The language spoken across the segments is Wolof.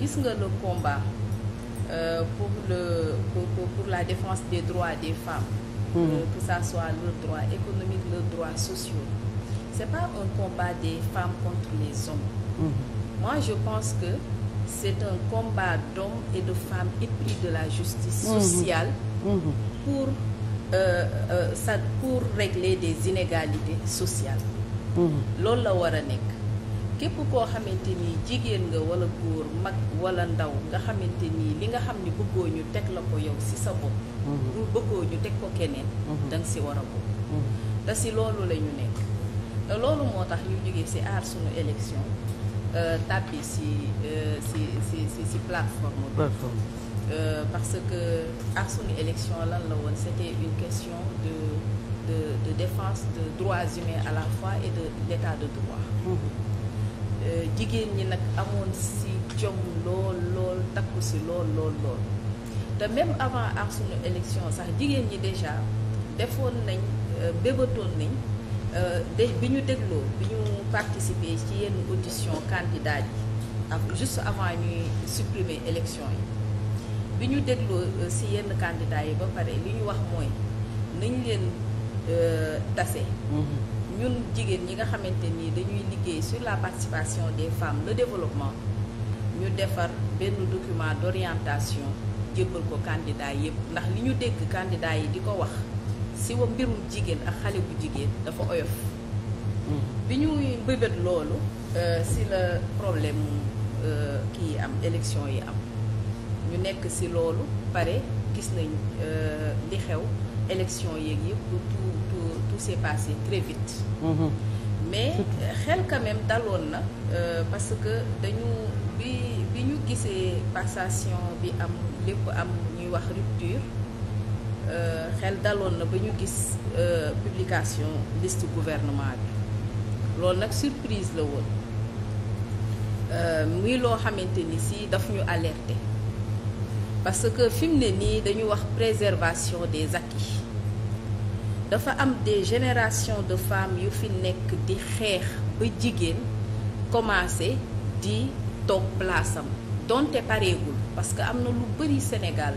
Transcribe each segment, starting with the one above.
gis nga le combat euh, pour le pour, la défense des droits des femmes. Mmh. Euh, que ça soit leurs droits économiques leurs droits sociaux. c'est pas un combat des femmes contre les hommes. Mmh. moi je pense que c'est un combat d'hommes et de femmes épris de la justice mmh. sociale. pour euh, euh, ça pour régler des inégalités sociales. loolu la war a nekk. képp koo xamante ni jigéen nga wala góor mag wala ndaw nga xamante ni li nga xam ni bëggoo ñu teg la ko yow si sa bopp. Mhm. bu bëggoo ñu teg ko keneen. Mhm. da si war a bokk. Mhm. te si loolu la ñu nekk. te loolu moo tax ñu jógee si aar suñu élection euh, tàbbi si si si si si plateforme bi. plateforme euh, parce que aar sunu élection lan la woon c'était une question de. de de défense de droits humains à la fois et de l'état de droit. Euh, jigéen ñi nag amoon si jom lool lool takku si lool lool lool te même avant ak suñu élection sax jigéen ñi déjà defoon nañ euh, bébatoon nañ euh, de bi ñu dégloo bi ñu participer ci yenn audition candidat yi ak juste avant ñuy supprimer élection yi bi ñu dégloo si yenn candidat yi ba pare li ñu wax mooy nañ leen tase mm-hmm. ñun jigéen ñi nga xamante nii dañuy liggéey sur la participation des femmes le développement ñu defar benn document d'orientation jébbal ko candidat yépp ndax li ñu dégg candidat yi di ko wax si wa mbirum jigéen ak xale bu jigéen dafa oyof mm. bi ñuy mbébét loolu euh, si la problème euh, kii am élection yi am ñu nekk si loolu pare gis nañ euh, li xew élection yeeg yëpp tout tout tout s'est passé très vite. Mhm. mais xel quand daloon na euh, parce que dañu bi bi ñu gisee passation bi am lépp am ñuy wax rupture euh, xel daloon na ba ñu gis euh, publication liste gouvernement bi loolu nag surprise la woon muy loo xamante ni si daf ñu alerter. parce que fi ne nii dañu wax préservation des acquis dafa am des générations de femmes yu fi nekk di xeex ba jigéen commencé di toog place am donte pareegul parce que am na lu bëri Sénégal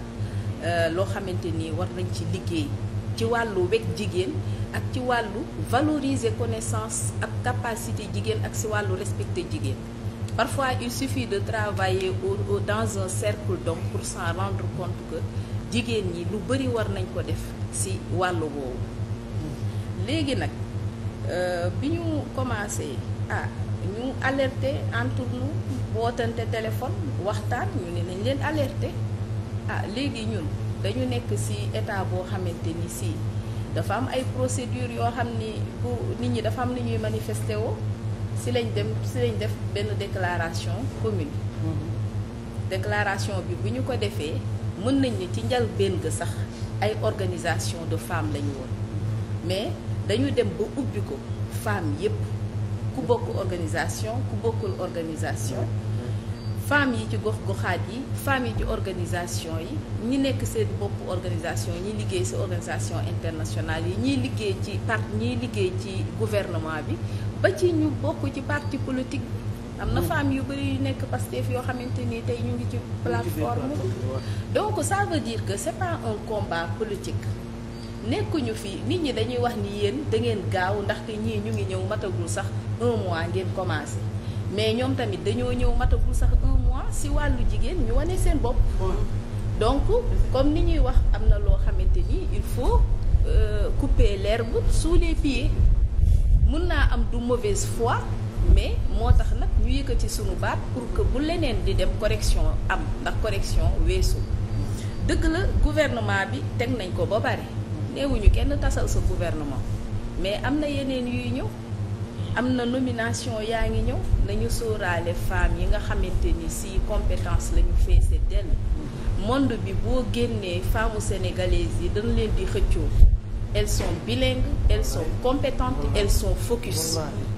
euh, loo xamante ni war nañ ci liggéey ci wàllu wekk jigéen ak ci wàllu valoriser connaissance ak capacité jigéen ak ci wàllu respecter jigéen Parfois, il suffit de travailler au, au, dans un cercle donc pour s'en rendre compte que jigéen ñi lu bëri war nañ ko def ci wàllu woowu. léegi nag euh, bi ñu commencé ah ñu alerte entre nous wootante téléphone waxtaan ñu ne nañ leen alerter ah léegi ñun dañu nekk ci état boo xamante ni ci dafa am ay procédures yoo xam ni bu nit ñi dafa am lu ñuy manifester woo. si lañ dem si lañ def benn déclaration commune mhm. déclaration bi bu ñu ko defee mën nañ ne ci njëlbéen ga sax ay organisation de femmes la ñu woon mais dañu dem ba ubbi ko femmes yépp ku bokk organisation ku bokkul organisation femmes yi ci gox-goxaat yi femmes yi ci organisation yi ñi nekk seen bopp organisation ñi liggéey si organisation internationale yi ñiy liggéey ci part ñiy liggéey ci gouvernement bi ba ci ñu bokk ci parti politique bi am na mm. femmes yu bëri yu nekk Pastef yoo xamante ni tey ñu ngi ci plateforme donc ça veut dire que c'est pas un combat politique nekkuñu fi nit ñi dañuy wax ni yéen da ngeen gaaw ndaxte ñii ñu ngi ñëw matagul sax un mois ngeen commencé mais ñoom tamit dañoo ñëw bu sax un mois si wàllu jigéen ñu wane seen bopp. donc comme ni ñuy wax am na loo xamante ni il faut euh, couper l'herbe sous les pieds mun naa am du mauvaise fois mais moo tax nag ñu yëkkati suñu baat pour que bu leneen di dem correction am ndax correction weesu dëgg la gouvernement bi teg nañ ko ba pare néewuñu kenn tasal sa gouvernement mais am na yeneen yuy ñëw. am na nomination yaa ngi ñëw nañu sóoraale femmes yi nga xamante ni si compétence la ñu feese dell monde bi boo génnee femmes sénégalaises yi dañu leen di xëccoo elles sont bilingues elles sont compétentes elles sont focus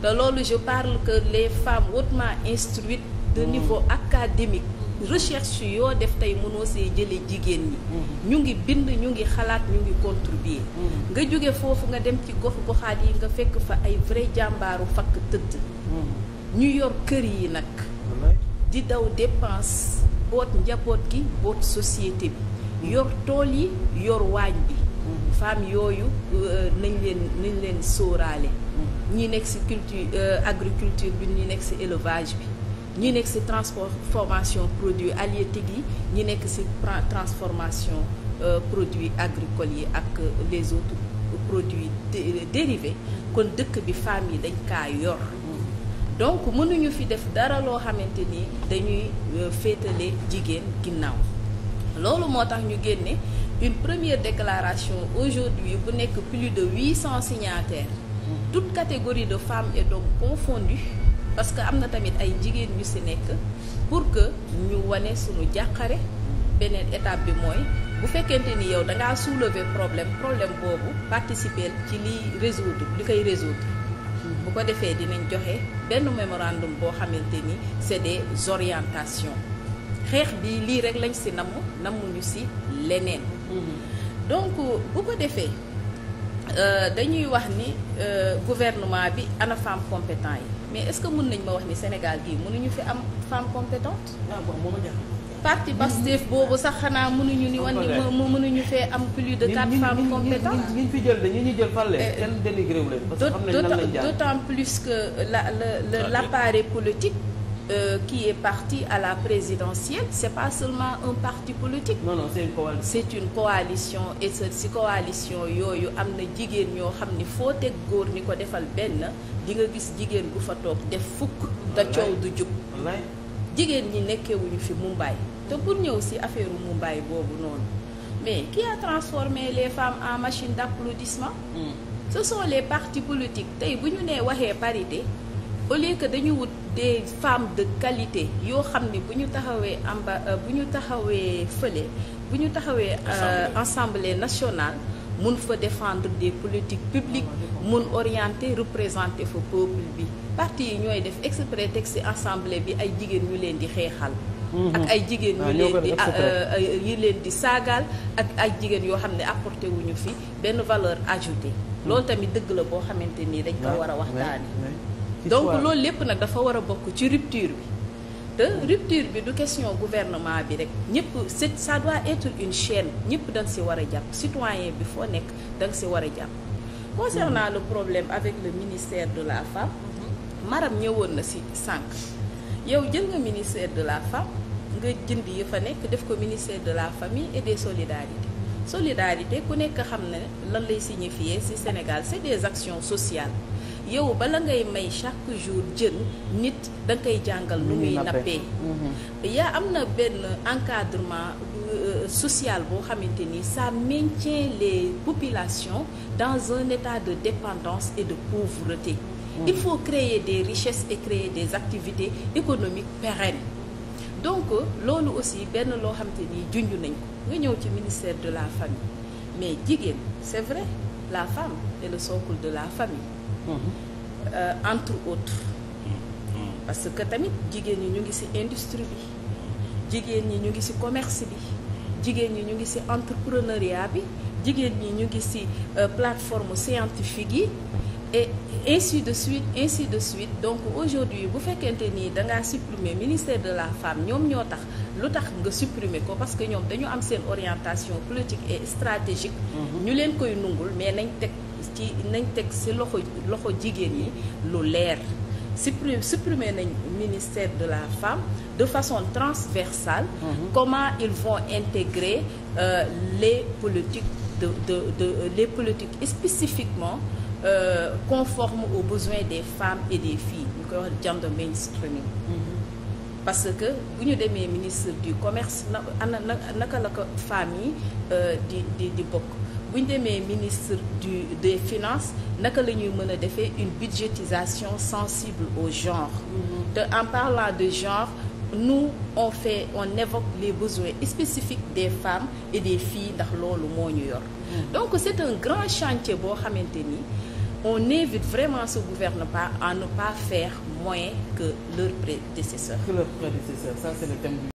te loolu je parle que les femmes hautement instruites de mmh. niveau académique recherche yoo def tey mënoo see jëlee jigéen ñi mm-hmm. ñu ngi bind ñu ngi xalaat ñu ngi contribuer mm-hmm. nga jóge foofu nga dem ci gox goxaat yi nga fekk fa ay vrai jàmbaaru fakk tëdd mm-hmm. ñu yor kër yi nag di daw dépense boot njaboot gi boot société bi yor tool yi yor waañ bi femme yooyu euh, nañ leen nañ leen sóoraale ñi nekk ci culture euh, agriculture bi ñu nekk ci élevage bi ñu nekk ci transformation produits halieutique yi ñu nekk ci transformation euh, produit agricole yi ak les autres produits dérivés kon dëkk bi femmes yi dañ kaa yor donc mënuñu fi def dara loo xamante ni dañuy euh, féetale jigéen ginnaaw loolu moo tax ñu génne une première déclaration aujourd'hui bu nekk plus de huit cents signataires toutes catégories de femmes et d'hommes confondues parce que am na tamit ay jigéen ñu si nekk pour que ñu wane suñu jàqare beneen étape bi mooy bu fekkente ni yow da ngaa soulever problème problème boobu participer ci liy résoudre li koy résoudre bu ko defee dinañ joxe benn mémorandum boo xamante ni c'est des orientations xeex bi lii rek lañ si namm nammuñu si leneen mm-hmm. donc bu ko defee euh, dañuy wax ni euh, gouvernement bi ana compétent yi mais est-ce que mën nañ ma wax ni Sénégal gii mënuñu fi am femme compétente ah bon moo ma jaaxal parti Pastef boobu sax xanaa mënuñu ni wan ni mënuñu fee am plus de quatre femmes compétentes ñi fi jël de ñi ñu jël fan leen euh, kenn dénigré wu leen parce que xam nañ lan lañ jaar d'autant plus la le ah, l'appareil politique euh, qui est parti à la présidentielle c'est pas seulement un parti politique. non non c'est une coalition. c'est une coalition coalition yooyu am na jigéen ñoo xam ni foo teg góor ni ko defal benn di nga gis jigéen bu fa toog def fukk. te coow du jub. jigéen ñi nekkewuñu fi Mumbai te pour ñëw si affaire Mumbai boobu noonu mais qui a transformé les femmes en machine d'applaudissement mm. ce sont les partis politiques tey bu ñu nee waxee parité au lieu que dañu wut. des femmes de qualité yoo xam ni bu ñu taxawee amba euh, bu ñu taxawee fële bu ñu taxawee euh, assemblée national mun fa défendre des politiques publiques mun orienter représenter fa peuple bi parti yi ñooy def exprès teg ci assemblée bi ay jigéen ñu leen di xeexal mm-hmm. ak ay jigéen ñu ah, leen di euh, yi di saagaal ak ay jigéen yoo xam ne apporté wuñu fi benn valeur ajoutée mm-hmm. loolu tamit dëgg la boo xamante nii dañ ko war a waxtaane donc loolu lépp nag dafa war a bokk ci rupture bi te rupture bi du question gouvernement bi rek ñëpp c'est ça doit être une chaîne ñëpp da si war a jàpp citoyen bi foo nekk da si war a jàpp concernant le problème avec le ministère de la femme mm-hmm. maram ñëwoon na si sànq yow jël nga ministère de la femme nga jënd yi fa nekk def ko ministère de la famille et des solidarités solidarité ku nekk xam ne lan lay signifier si Sénégal c'est des actions sociales yow bala ngay may chaque jour jën nit da jàngal nu muy nappee mhm. yaa am na benn encadrement euh, social boo xamante ni ça maintient les population dans un état de dépendance et de pauvreté mhm. il faut créer des richesses et créer des activités économiques pérennes donc loolu aussi benn loo xamante ni junj nañ ko nga ñëw ci ministère de la famille mais jigéen c'est vrai la femme est le socle de la famille Euh, entre autres parce que tamit jigéen ñi ñu ngi ci industrie bi jigéen ñi ñu ngi ci commerce bi jigéen ñi ñu ngi ci entrepreneuriat bi jigéen ñi ñu ngi ci euh, plateforme scientifique yi et ainsi de suite ainsi de suite donc aujourd'hui bu fekkente nii dangaa supprimer ministère de la femme ñoom ñoo tax lu tax nga supprimer ko parce que ñoom dañu am seen orientation politique et stratégique mm-hmm. ñu leen koy nungul mais nañ teg ci nañ teg si loxo loxo jigéen ñi lu leer supprimer supprimer nañ ministère de la femme de façon transversale mhm. comment ils vont intégrer euh, les politiques de de de les politiques spécifiquement euh, conformes aux des femmes et des filles ñu koy wax gender mainstreaming mhm. parce que bu ñu demee ministre du commerce na ana naka la ko femmes yi euh, di di di bokk bu ñu demee ministre du des finances naka la ñuy mën a defee une budgétisation sensible au genre. te mm-hmm. en parlant de genre nous on on évoque les besoins spécifiques des femmes et des filles ndax loolu moo ñu yor. Mm-hmm. donc c'est un grand chantier boo xamante ni on invite vraiment ce gouvernement à ne pas faire moins que leurs prédécesseurs. que leurs prédécesseurs ça c'est le thème.